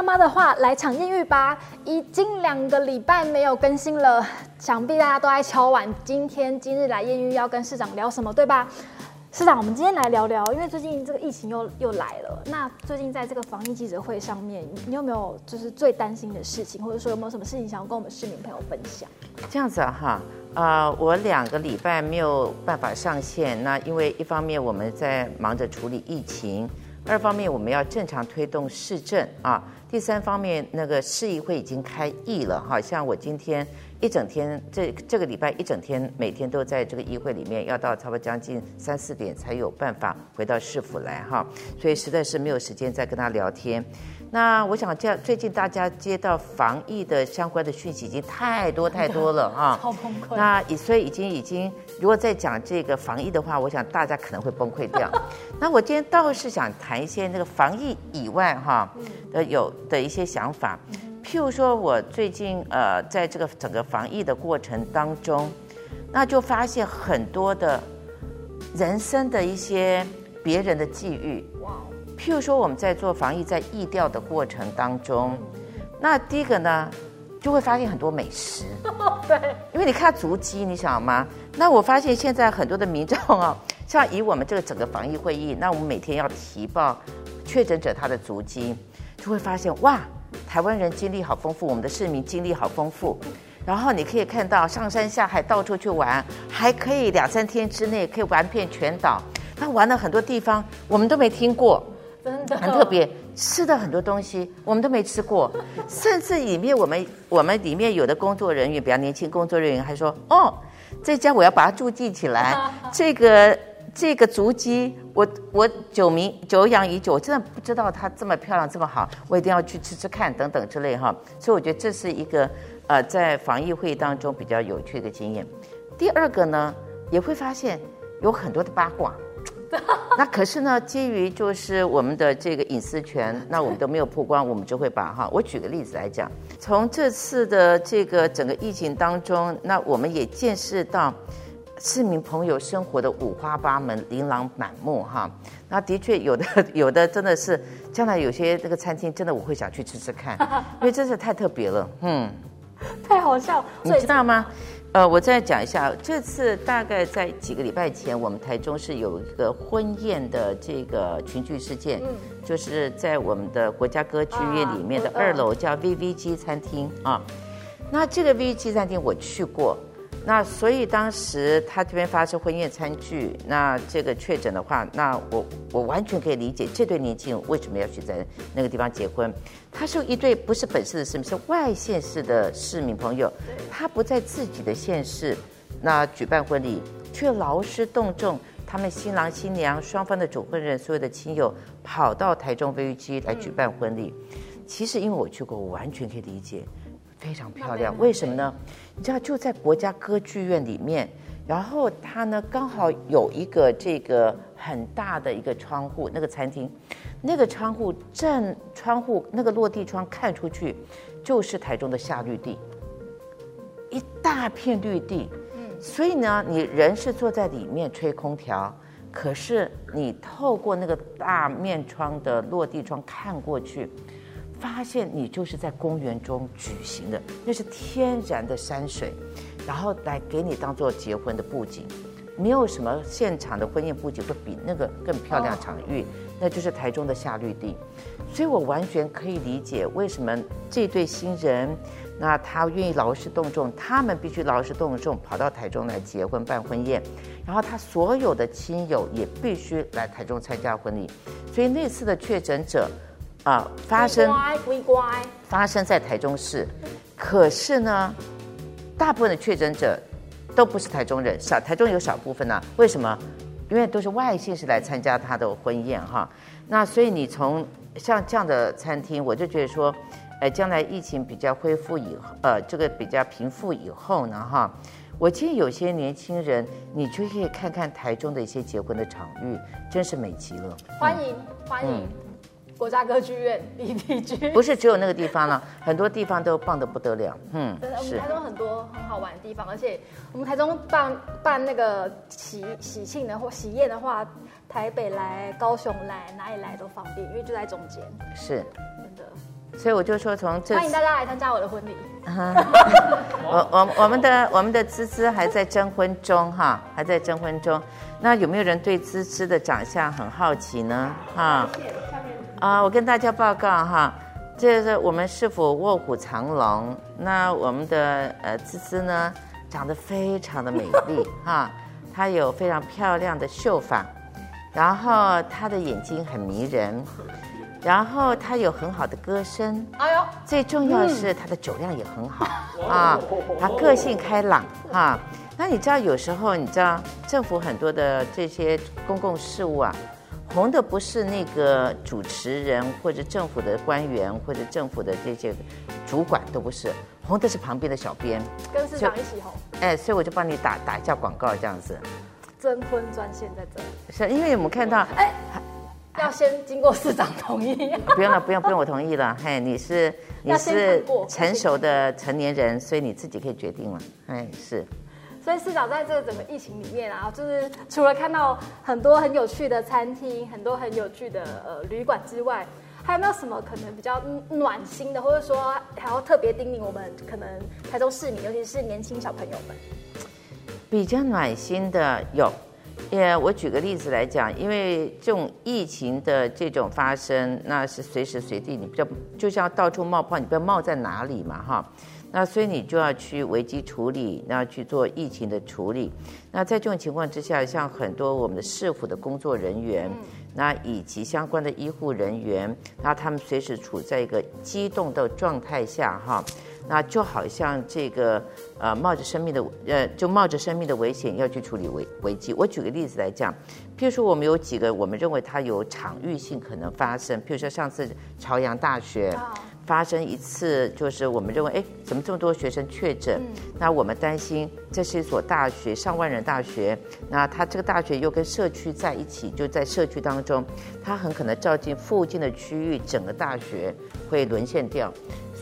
媽媽的話，來場艷遇吧！已經兩個禮拜沒有更新了，想必大家都在敲碗。今天今日來艷遇，要跟市長聊什麼，對吧？市長，我們今天來聊聊，因為最近這個疫情又又來了。那最近在這個防疫記者會上面，你有沒有就是最擔心的事情，或者說有沒有什麼事情想要跟我們市民朋友分享？這樣子哈，呃，我兩個禮拜沒有辦法上線，那因為一方面我們在忙着處理疫情。二方面，我們要正常推動市政啊。第三方面，那個市議會已經開議了哈。像我今天一整天，這這個禮拜一整天，每天都在這個議會裡面，要到差不多將近三四點才有辦法回到市府來哈。所以實在是沒有時間再跟他聊天。那我想，這樣最近大家接到防疫的相關的訊息已經太多太多了啊！好崩潰。那以所以已經已經，如果再講這個防疫的話，我想大家可能會崩潰掉。 那我今天倒是想談一些那個防疫以外哈、啊嗯、的有的一些想法，嗯、譬如說，我最近呃在這個整個防疫的過程當中，嗯、那就發現很多的人生的一些別人的際遇。譬如說，我們在做防疫，在疫調的過程當中，那第一個呢，就會發現很多美食。對，因為你看足跡，你想嗎？那我發現現在很多的民眾啊、哦，像以我們這個整個防疫會議，那我們每天要提報確診者他的足跡，就會發現哇，台灣人經歷好豐富，我們的市民經歷好豐富。然後你可以看到上山下海，到處去玩，還可以兩三天之內可以玩遍全島。那玩了很多地方，我們都沒聽過。真的哦，很特別，吃的很多東西我們都沒吃過，甚至裡面我們我們裡面有的工作人員，比較年輕工作人員還說：“哦，這家我要把它註記起來，這個這個竹雞，我我久名久仰已久，我真的不知道它這麼漂亮這麼好，我一定要去吃吃看等等之類哈。”所以我覺得這是一個呃在防疫會議當中比較有趣的經驗。第二個呢，也會發現有很多的八卦。 那可是呢，基於就是我們的這個隱私權，那我們都沒有曝光，我們就會把哈。我舉個例子來講，從這次的這個整個疫情當中，那我們也見識到市民朋友生活的五花八門、琳琅滿目哈。那的確有的有的真的是，將來有些那個餐廳真的我會想去吃吃看，因為真是太特別了，嗯，太好笑。你知道嗎？呃，我再講一下，這次大概在幾個禮拜前，我們台中市有一個婚宴的這個群聚事件，嗯、就是在我們的國家歌劇院裡面的二樓，叫 VVG 餐廳啊。那這個 VVG 餐廳我去過。那所以當時他這邊發生婚宴餐具，那這個確診的話，那我我完全可以理解這對年輕人為什麼要去在那個地方結婚。他是一對不是本市的市民，是外縣市的市民朋友，他不在自己的縣市那舉辦婚禮，卻勞師動眾，他們新郎新娘雙方的主婚人所有的親友跑到台中飛機來舉辦婚禮。嗯、其實因為我去過，我完全可以理解。非常漂亮，啊、為什麼呢？你知道，就在國家歌劇院裡面，然後它呢剛好有一個這個很大的一個窗戶，那個餐廳，那個窗戶正窗戶那個落地窗看出去，就是台中的夏綠地，一大片綠地。嗯、所以呢，你人是坐在裡面吹空調，可是你透過那個大面窗的落地窗看過去。發現你就是在公園中舉行的，那是天然的山水，然後來給你當做結婚的布景，沒有什麼現場的婚宴布景會比那個更漂亮場域。哦、那就是台中的夏綠地，所以我完全可以理解為什麼這對新人，那他願意勞師動眾，他們必須勞師動眾跑到台中來結婚辦婚宴，然後他所有的親友也必須來台中參加婚禮，所以那次的確診者，啊，發生乖乖發生在台中市，可是呢，大部分的確診者都不是台中人，小台中有少部分呢、啊。為什麼？因為都是外縣市來參加他的婚宴哈。那所以你從像這樣的餐廳，我就覺得說，呃，將來疫情比較恢復以後呃，這個比較平復以後呢哈，我建議有些年輕人，你就可以看看台中的一些結婚的場域，真是美極了。歡迎歡迎。歡迎嗯國家歌劇院，EDG，不是只有那個地方了， 很多地方都棒得不得了。嗯，對是我們台中很多很好玩的地方，而且我們台中辦辦那個喜喜慶的或喜宴的話，台北來、高雄來，哪裡來都方便，因為就在中間。是，真的。所以我就說從這次，從這歡迎大家來參加我的婚禮。我我我們的我們的滋滋還在徵婚中哈，還在徵婚中。那有沒有人對滋滋的長相很好奇呢？ 啊。謝謝。啊，uh, 我跟大家報告哈，這是我們市府臥虎藏龍，那我們的呃滋滋呢，長得非常的美麗哈，她有非常漂亮的秀髮，然後她的眼睛很迷人，然後她有很好的歌聲，哎呦，最重要是她的酒量也很好啊，她個性開朗哈。那你知道有時候你知道政府很多的這些公共事務啊。紅的不是那個主持人，或者政府的官員，或者政府的這些主管都不是。紅的是旁邊的小編，跟市長一起紅。哎，所以我就幫你打打一下廣告這樣子。徵婚專線在這裡。是，因為我們看到哎，要先經過市長同意。 不用了，不用，不用，我同意了。嘿，哎，你是你是成熟的成年人，所以你自己可以決定了。哎，是。市長在這個整個疫情裡面啊，就是除了看到很多很有趣的餐廳、很多很有趣的呃旅館之外，還有沒有什麼可能比較暖心的，或者說還要特別叮嚀我們可能臺中市民，尤其是年輕小朋友們？比較暖心的有，也我舉個例子來講，因為這種疫情的這種發生，那是隨時隨地，你不要就像要到處冒泡，你不要冒在哪裡嘛，哈。那所以你就要去危機處理，那去做疫情的處理。那在這種情況之下，像很多我們的市府的工作人員，那以及相關的醫護人員，那他們隨時處在一個激動的狀態下，哈。那就好像這個，呃，冒着生命的，呃，就冒着生命的危險要去處理危危機。我舉個例子來講，譬如說我們有幾個，我們認為它有場域性可能發生。譬如說上次朝陽大學、哦、發生一次，就是我們認為，哎，怎麼這麼多學生確診？嗯、那我們擔心，這是一所大學，上萬人大學，那它這個大學又跟社區在一起，就在社區當中，它很可能照進附近的區域，整個大學會淪陷掉。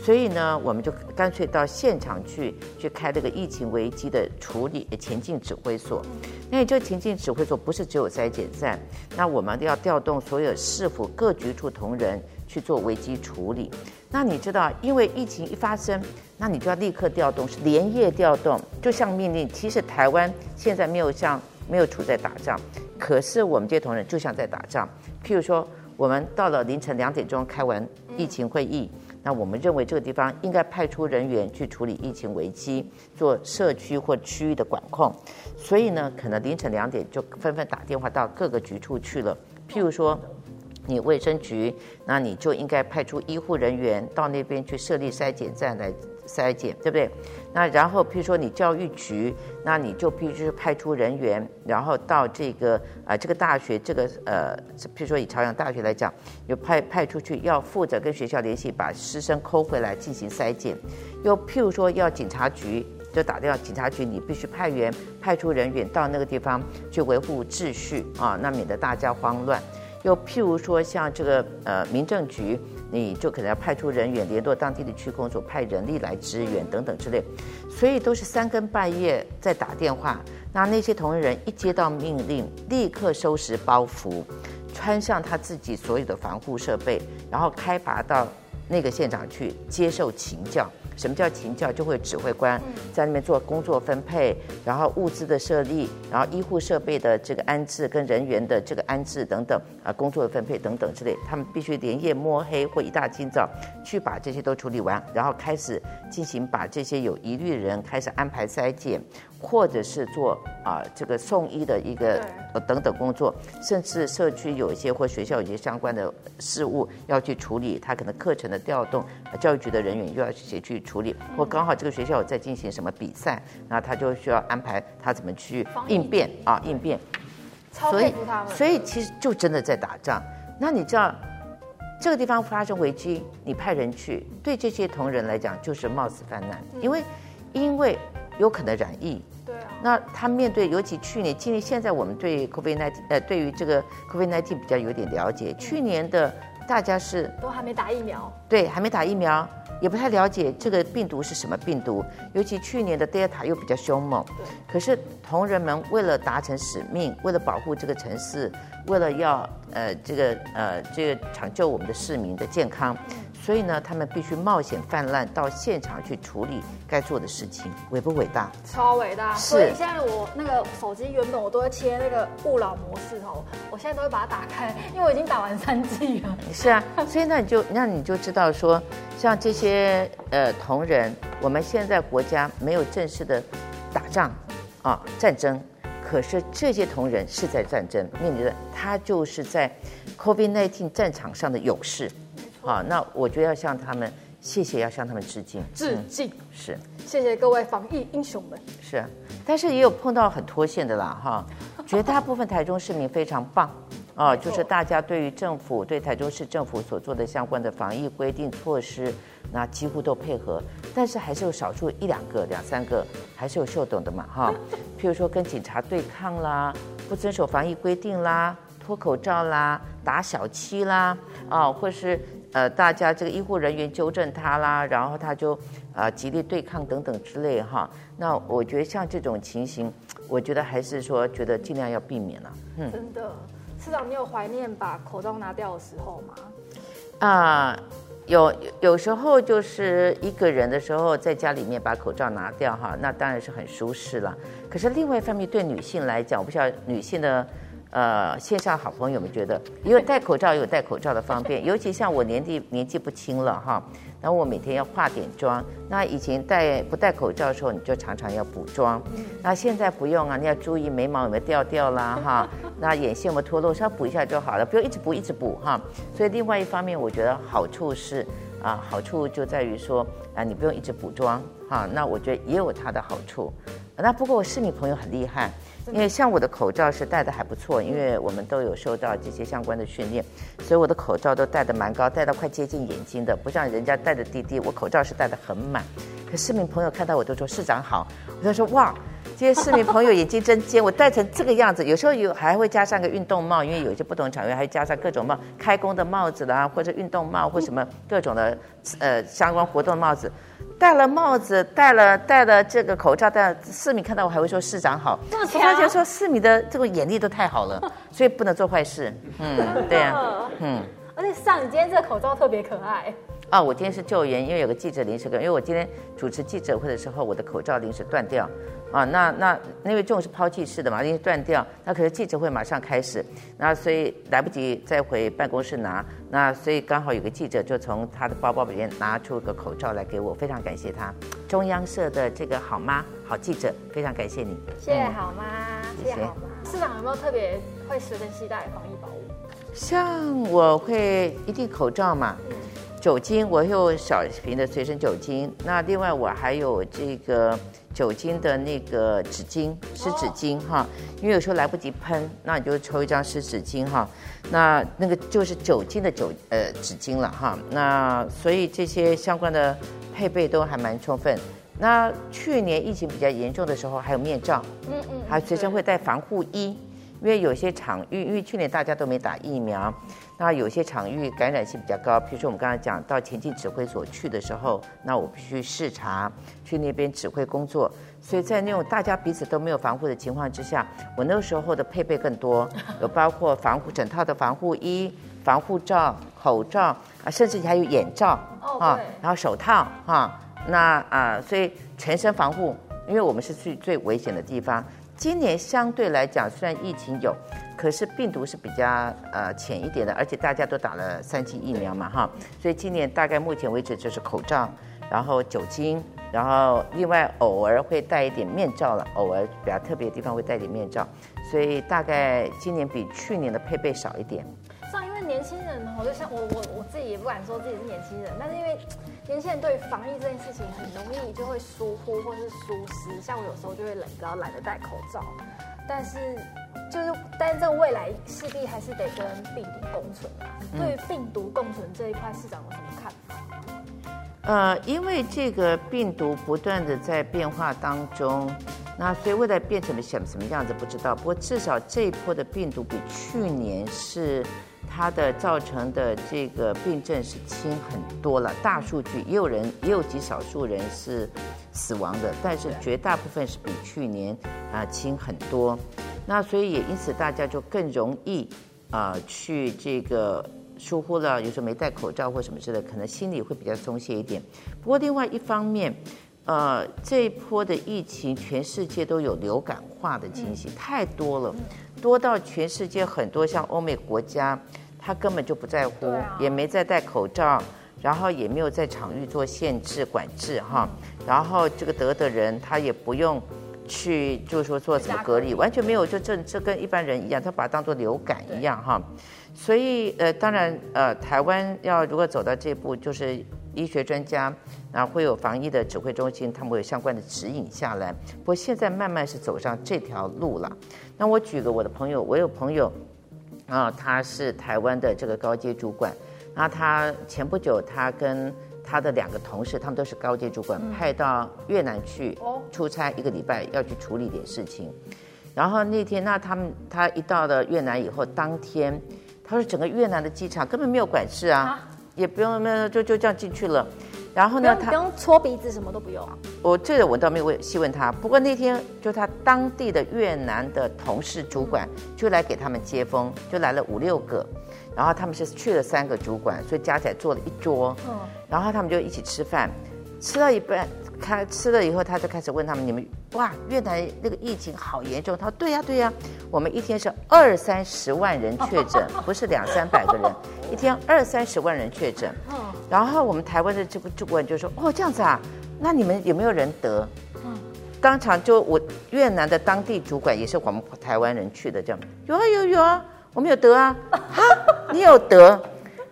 所以呢，我們就乾脆到現場去，去開這個疫情危機的處理前進指揮所。那也就前進指揮所不是只有篩檢站，那我們要調動所有市府各局處同仁去做危機處理。那你知道，因為疫情一發生，那你就要立刻調動，是連夜調動，就像命令。其實台灣現在沒有像沒有處在打仗，可是我們這些同仁就像在打仗。譬如說，我們到了凌晨兩點鐘開完疫情會議。那我們認為這個地方應該派出人員去處理疫情危機，做社區或區域的管控，所以呢，可能凌晨兩點就紛紛打電話到各個局處去了。譬如說，你衛生局，那你就應該派出醫護人員到那邊去設立篩檢站來篩檢對不對？那然後譬如說你教育局，那你就必須派出人員，然後到這個啊、呃、這個大學這個呃譬如說以朝陽大學來講，又派派出去要負責跟學校聯繫，把師生扣回來進行篩檢。又譬如說要警察局，就打掉警察局，你必須派員派出人員到那個地方去維護秩序啊，那免得大家慌亂。又譬如說像這個呃民政局。你就可能要派出人員聯絡當地的區工作，派人力來支援等等之類，所以都是三更半夜在打電話。那那些同仁一,一接到命令，立刻收拾包袱，穿上他自己所有的防護設備，然後開拔到那個現場去接受請教。什麼叫勤教？就會指揮官在那邊做工作分配，嗯、然後物資的設立，然後醫護設備的這個安置，跟人員的這個安置等等，啊，工作的分配等等之類，他們必須連夜摸黑或一大清早去把這些都處理完，然後開始進行把這些有疑慮的人開始安排篩檢。或者是做啊、呃、這個送醫的一個對、呃、等等工作，甚至社區有一些或學校有一些相關的事務要去處理，他可能課程的調動，教育局的人員又要誰去處理，嗯、或剛好這個學校在進行什麼比賽，那他就需要安排他怎麼去應變啊應變。對所以所以其實就真的在打仗。那你知道，這個地方發生危機，你派人去，對這些同仁來講就是冒死犯難，因為、嗯、因為。因為有可能染疫，對啊。那他面對，尤其去年今年，現在我們對 COVID-19，呃，對於這個 COVID-19 比較有點了解。嗯、去年的大家是都還沒打疫苗，對，還沒打疫苗，也不太了解這個病毒是什麼病毒。尤其去年的 Delta 又比較兇猛，對可是同仁們為了達成使命，為了保護這個城市，為了要呃這個呃這個搶救我們的市民的健康。嗯嗯所以呢，他們必須冒險泛濫到現場去處理該做的事情，偉不偉大？超偉大！是。所以現在我那個手機原本我都會切那個勿擾模式哦，我現在都會把它打開，因為我已經打完三劑了。 是啊，所以那你就那你就知道說，像這些呃同仁，我們現在國家沒有正式的打仗啊戰爭，可是這些同仁是在戰爭，面臨他就是在 COVID-19 戰場上的勇士。啊、哦，那我就要向他們謝謝，要向他們致敬，致敬、嗯、是，謝謝各位防疫英雄們。是，但是也有碰到很脫線的啦，哈、哦，絕大部分台中市民非常棒，啊、哦，錯就是大家對於政府對台中市政府所做的相關的防疫規定措施，那幾乎都配合，但是還是有少數一兩個、兩三個還是有秀逗的嘛，哈、哦，譬 如說跟警察對抗啦，不遵守防疫規定啦，脫口罩啦，打小七啦，啊、哦，或是。呃，大家這個醫護人員糾正他啦，然後他就啊、呃、極力對抗等等之類哈。那我覺得像這種情形，我覺得還是說覺得盡量要避免了、啊。嗯，真的，市長你有懷念把口罩拿掉的時候嗎？啊、呃，有。有時候就是一個人的時候，在家裡面把口罩拿掉哈，那當然是很舒適了。可是另外一方面，對女性來講，我不知道女性的。呃，線上好朋友們覺得，因為戴口罩也有戴口罩的方便，尤其像我年紀年紀不輕了哈，然後我每天要化點妝，那以前戴不戴口罩的時候，你就常常要補妝，那現在不用啊，你要注意眉毛有沒有掉掉了哈，那眼線有沒有脫落，稍微補一下就好了，不用一直補一直補哈。所以另外一方面，我覺得好處是啊，好處就在於說啊，你不用一直補妝哈，那我覺得也有它的好處，那不過市民朋友很厲害。因為像我的口罩是戴的還不錯，因為我們都有受到這些相關的訓練，所以我的口罩都戴的蠻高，戴到快接近眼睛的，不像人家戴的低低。我口罩是戴的很滿，可市民朋友看到我都說市長好，我就說哇，這些市民朋友眼睛真尖，我戴成這個樣子。有時候有還會加上個運動帽，因為有些不同場合還加上各種帽，開工的帽子啦，或者運動帽或者什麼各種的呃相關活動帽子。戴了帽子，戴了戴了這個口罩，戴了，市民看到我還會說市長好，他就說，市民的這個眼力都太好了， 所以不能做壞事，嗯，對啊，嗯， 而且上，你今天這個口罩特別可愛。啊、哦，我今天是救援，因為有個記者臨時跟，因為我今天主持記者會的時候，我的口罩臨時斷掉。啊、哦，那那因為這種是拋棄式的嘛，臨時斷掉，那可是記者會馬上開始，那所以來不及再回辦公室拿，那所以剛好有個記者就從他的包包裡面拿出個口罩來給我，非常感謝他。中央社的這個好媽好記者，非常感謝你。謝謝好媽，嗯、謝謝。謝謝好媽。市長有沒有特別會隨身攜帶防疫寶物？像我會一地口罩嘛。嗯酒精，我有小瓶的隨身酒精。那另外我還有這個酒精的那個紙巾，濕紙巾哈，因為有時候來不及噴，那你就抽一張濕紙巾哈。那那個就是酒精的酒，呃，紙巾了哈。那所以這些相關的配備都還蠻充分。那去年疫情比較嚴重的時候，還有面罩，嗯嗯，還隨身會帶防護衣。因為有些場域，因為去年大家都沒打疫苗，那有些場域感染性比較高。比如說我們剛才講到前進指揮所去的時候，那我必須視察，去那邊指揮工作。所以在那種大家彼此都沒有防護的情況之下，我那個時候的配備更多，有包括防護整套的防護衣、防護罩、口罩，啊，甚至還有眼罩啊，然後手套哈、啊，那啊，所以全身防護，因為我們是去最，最危險的地方。今年相對來講，雖然疫情有，可是病毒是比較呃淺一點的，而且大家都打了三劑疫苗嘛哈，所以今年大概目前為止就是口罩，然後酒精，然後另外偶爾會戴一點面罩了，偶爾比較特別的地方會戴點面罩，所以大概今年比去年的配備少一點。年輕人哦，就像我我我自己也不敢說自己是年輕人，但是因為年輕人對防疫這件事情很容易就會疏忽或是疏失，像我有時候就會不高懶得戴口罩。但是就是，但是這未來勢必還是得跟病毒共存啊。嗯、對於病毒共存這一塊，市長有什麼看法？呃，因為這個病毒不斷的在變化當中，那所以未來變成了什麼什麼樣子不知道。不過至少這一波的病毒比去年是。它的造成的這個病症是輕很多了，大數據也有人，也有極少數人是死亡的，但是絕大部分是比去年啊輕很多。那所以也因此大家就更容易啊去這個疏忽了，有時候沒戴口罩或什麼之類的，可能心裡會比較鬆懈一點。不過另外一方面，呃，這一波的疫情，全世界都有流感化的傾向，太多了，多到全世界很多像歐美國家。他根本就不在乎，啊、也沒在戴口罩，然後也沒有在場域做限制管制哈，啊、然後這個得的人他也不用去，去就是說做什麼隔離，啊、完全沒有，就這這跟一般人一樣，他把它當做流感一樣哈，對所以呃當然呃台灣要如果走到這一步，就是醫學專家啊會有防疫的指揮中心，他們會有相關的指引下來，不過現在慢慢是走上這條路了，那我舉個我的朋友，我有朋友。啊、哦，他是台灣的這個高階主管，然後他前不久他跟他的兩個同事，他們都是高階主管，嗯、派到越南去出差一個禮拜，要去處理點事情。然後那天，那他們他一到了越南以後，當天他說整個越南的機場根本沒有管事啊，啊也不用那就就這樣進去了。然後呢？他不用搓他鼻子，什麼都不用。啊。我這個我倒沒有問細問他。不過那天就他當地的越南的同事主管就來給他們接風，就來了五六個。然後他們是去了三個主管，所以加起來坐了一桌。嗯，然後他們就一起吃飯，吃到一半。他吃了以後，他就開始問他們：“你們哇，越南那個疫情好嚴重。”他說：“對呀、啊，對呀、啊，我們一天是二三十萬人確診，不是兩三百個人，一天二三十萬人確診。”嗯，然後我們台灣的這個主管就說：“哦，這樣子啊，那你們有沒有人得？”嗯，當場就我越南的當地主管也是我們台灣人去的，這樣有啊有啊有啊，我們有得啊啊，你有得，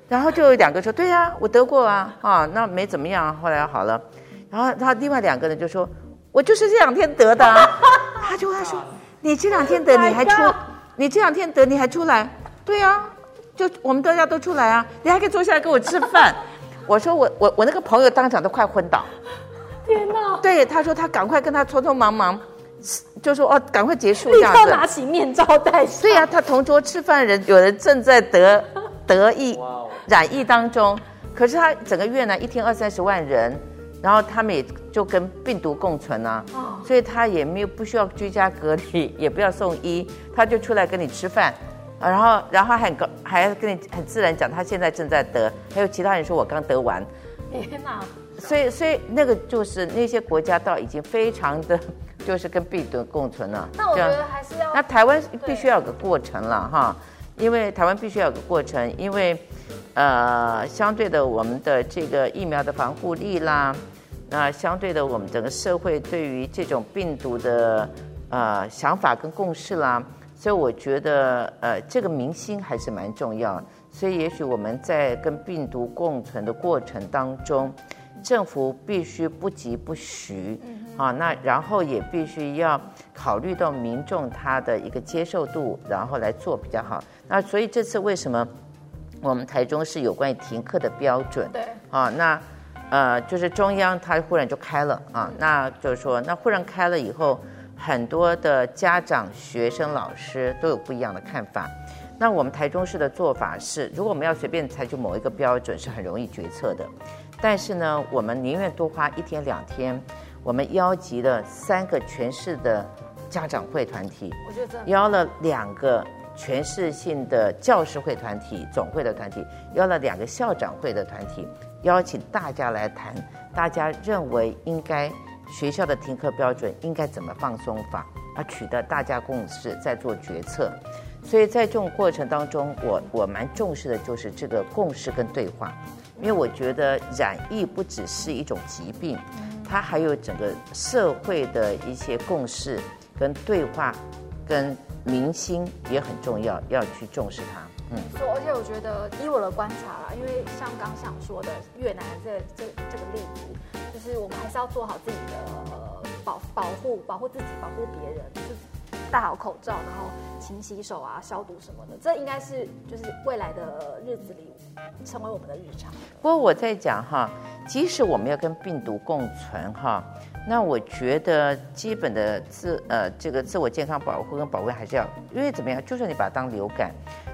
然後就有兩個說：“對呀、啊，我得過啊啊，那沒怎麼樣，後來好了。”然後他另外兩個人就說：“我就是這兩天得的，啊。”他就他說：“你這兩天得，你還出？你這兩天得，你還出來？對啊，就我們大家都出來啊，你還可以坐下來跟我吃飯。 我我”我說：“我我我那個朋友當場都快昏倒。”天哪！對，他說他趕快跟他匆匆忙忙，就說：“哦，趕快結束這樣。”立刻拿起面罩戴上。對呀，啊，他同桌吃飯的人有人正在得得疫染疫當中，可是他整個越南，一天二三十萬人。然後他們也就跟病毒共存了，所以他也沒有不需要居家隔離，也不要送醫，他就出來跟你吃飯，然後然後還跟還跟你很自然講他現在正在得，還有其他人說我剛得完，天哪！所以所以那個就是那些國家倒已經非常的，就是跟病毒共存了。那我覺得還是要那台灣必須要有個過程了哈，因為台灣必須要有個過程，因為呃相對的我們的這個疫苗的防護力啦。那相對的，我們整個社會對於這種病毒的呃想法跟共識啦，所以我覺得呃這個民心還是蠻重要。所以也許我們在跟病毒共存的過程當中，政府必須不疾不徐，啊，那然後也必須要考慮到民眾他的一個接受度，然後來做比較好。那所以這次為什麼我們台中市有關於停課的標準？對，啊那。呃，就是中央，它忽然就開了啊，那就是說，那忽然開了以後，很多的家長、學生、老師都有不一樣的看法。那我們台中市的做法是，如果我們要隨便採取某一個標準，是很容易決策的。但是呢，我們寧願多花一天兩天，我們邀集了三個全市的家長會團體，邀了兩個全市性的教師會團體、總會的團體，邀了兩個校長會的團體。邀請大家來談，大家認為應該學校的停課標準應該怎麼放鬆法，而取得大家共識，再做決策。所以在這種過程當中，我我蠻重視的就是這個共識跟對話，因為我覺得染疫不只是一種疾病，它還有整個社會的一些共識跟對話，跟民心也很重要，要去重視它。嗯，說，而且我覺得，以我的觀察啦，因為像剛想說的越南的這這這個例子，就是我們還是要做好自己的、呃、保保護，保護自己，保護別人，就是戴好口罩，然後勤洗手啊，消毒什麼的，這應該是就是未來的日子裡成為我們的日常的。不過我在講哈，即使我們要跟病毒共存哈，那我覺得基本的自呃這個自我健康保護跟保衛還是要，因為怎麼樣，就算是你把它當流感。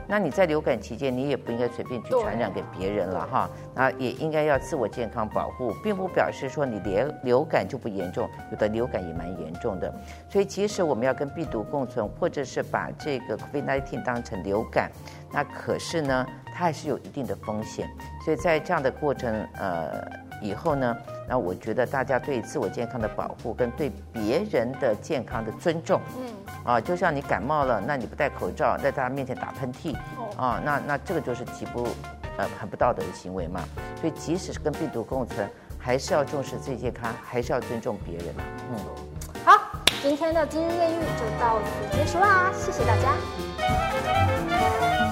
那你在流感期間，你也不應該隨便去傳染給別人了哈。那也應該要自我健康保護，並不表示說你連流感就不嚴重，有的流感也蠻嚴重的。所以即使我們要跟病毒共存，或者是把這個 COVID-19 當成流感，那可是呢，它還是有一定的風險。所以在這樣的過程，呃。以後呢，那我覺得大家對自我健康的保護，跟對別人的健康的尊重，嗯，啊，就像你感冒了，那你不戴口罩，在大家面前打噴嚏，哦，啊，那那這個就是極不，呃，很不道德的行為嘛。所以，即使是跟病毒共存，還是要重視自己健康，還是要尊重別人嘛、啊。嗯，好，今天的今日燕遇就到此結束啦、啊，謝謝大家。嗯。